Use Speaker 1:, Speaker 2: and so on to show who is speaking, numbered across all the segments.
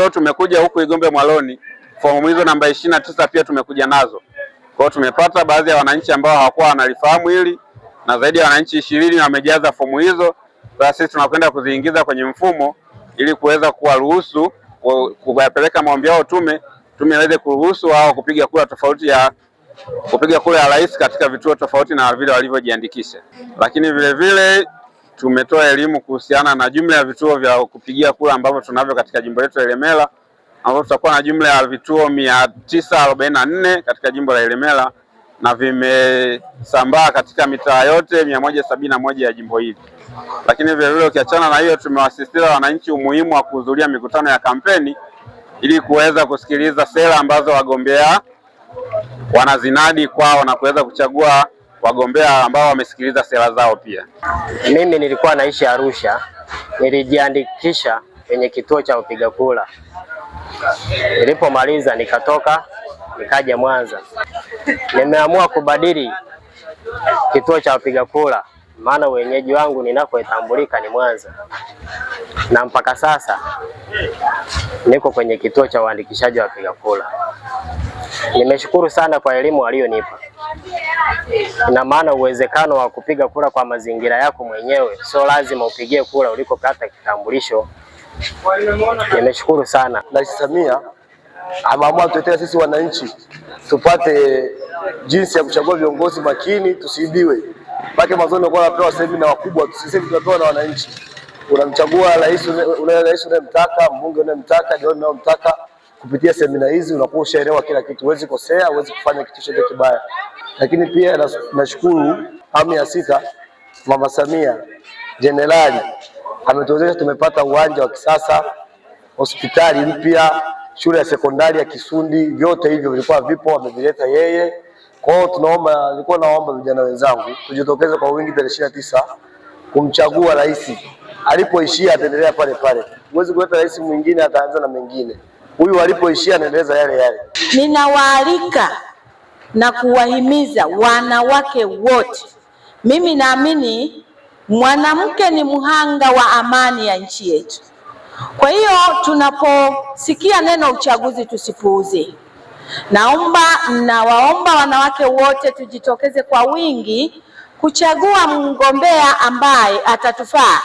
Speaker 1: leo tumekuja huku Igombe Mwaloni, fomu hizo namba ishirini na tisa pia tumekuja nazo. Kwa hiyo tumepata baadhi ya wananchi ambao hawakuwa wanalifahamu hili na zaidi ya wananchi ishirini wamejaza fomu hizo. Sasa sisi tunakwenda kuziingiza kwenye mfumo ili kuweza kuwaruhusu kuyapeleka maombi yao tume, tume iweze kuruhusu wao kupiga kura tofauti ya kupiga kura ya rais katika vituo tofauti na vile walivyojiandikisha, lakini vilevile tumetoa elimu kuhusiana na jumla ya vituo vya kupigia kura ambavyo tunavyo katika jimbo letu la Ilemela, ambapo tutakuwa na jumla ya vituo mia tisa arobaini na nne katika jimbo la Ilemela na vimesambaa katika mitaa yote mia moja sabini na moja ya jimbo hili. Lakini vilevile ukiachana na hiyo, tumewasisitiza wananchi umuhimu wa kuhudhuria mikutano ya kampeni ili kuweza kusikiliza sera ambazo wagombea wanazinadi kwao na kuweza kuchagua wagombea ambao wamesikiliza sera zao. Pia
Speaker 2: mimi nilikuwa naishi Arusha, nilijiandikisha kwenye kituo cha upiga kura, nilipomaliza nikatoka nikaja Mwanza. Nimeamua kubadili kituo cha wapiga kura, maana wenyeji wangu ninakoitambulika ni Mwanza, na mpaka sasa niko kwenye kituo cha uandikishaji wa wapiga kura. Nimeshukuru sana kwa elimu walionipa ina maana uwezekano wa kupiga kura kwa mazingira yako mwenyewe, sio lazima upigie kura ulikopata kitambulisho. Nimeshukuru sana
Speaker 3: Rais Samia ameamua tutetea sisi wananchi tupate jinsi ya kuchagua viongozi makini, tusiibiwe. Pake mazoni napewa semina wakubwa, sisi tunapewa na wananchi. Unamchagua rais unayemtaka, mbunge unayemtaka, kupitia semina hizi unakuwa ushaelewa kila kitu, huwezi kosea, huwezi kufanya kitu chochote kibaya. Lakini pia nashukuru awamu ya sita, Mama Samia Jenerali ametuwezesha tumepata uwanja wa kisasa, hospitali mpya, shule ya sekondari ya Kisundi, vyote hivyo vilikuwa vipo, amevileta yeye. Kwa hiyo tunaomba, nilikuwa naomba vijana wenzangu tujitokeze kwa wingi tarehe ishirini na tisa kumchagua rais. Alipoishia ataendelea pale pale, huwezi kuleta rais mwingine, ataanza na mengine huyu alipoishia anaendeleza yale yale.
Speaker 4: Ninawaalika na kuwahimiza wanawake wote, mimi naamini mwanamke ni mhanga wa amani ya nchi yetu. Kwa hiyo tunaposikia neno uchaguzi tusipuuze. Naomba nawaomba wanawake wote tujitokeze kwa wingi kuchagua mgombea ambaye atatufaa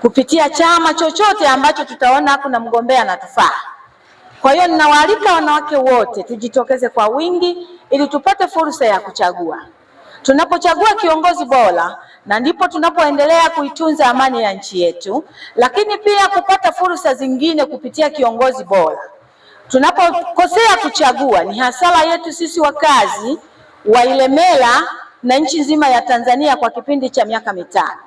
Speaker 4: kupitia chama chochote ambacho tutaona kuna mgombea anatufaa. Kwa hiyo ninawaalika wanawake wote tujitokeze kwa wingi ili tupate fursa ya kuchagua. Tunapochagua kiongozi bora, na ndipo tunapoendelea kuitunza amani ya nchi yetu, lakini pia kupata fursa zingine kupitia kiongozi bora. Tunapokosea kuchagua, ni hasara yetu sisi wakazi wa Ilemela na nchi nzima ya Tanzania kwa kipindi cha miaka mitano.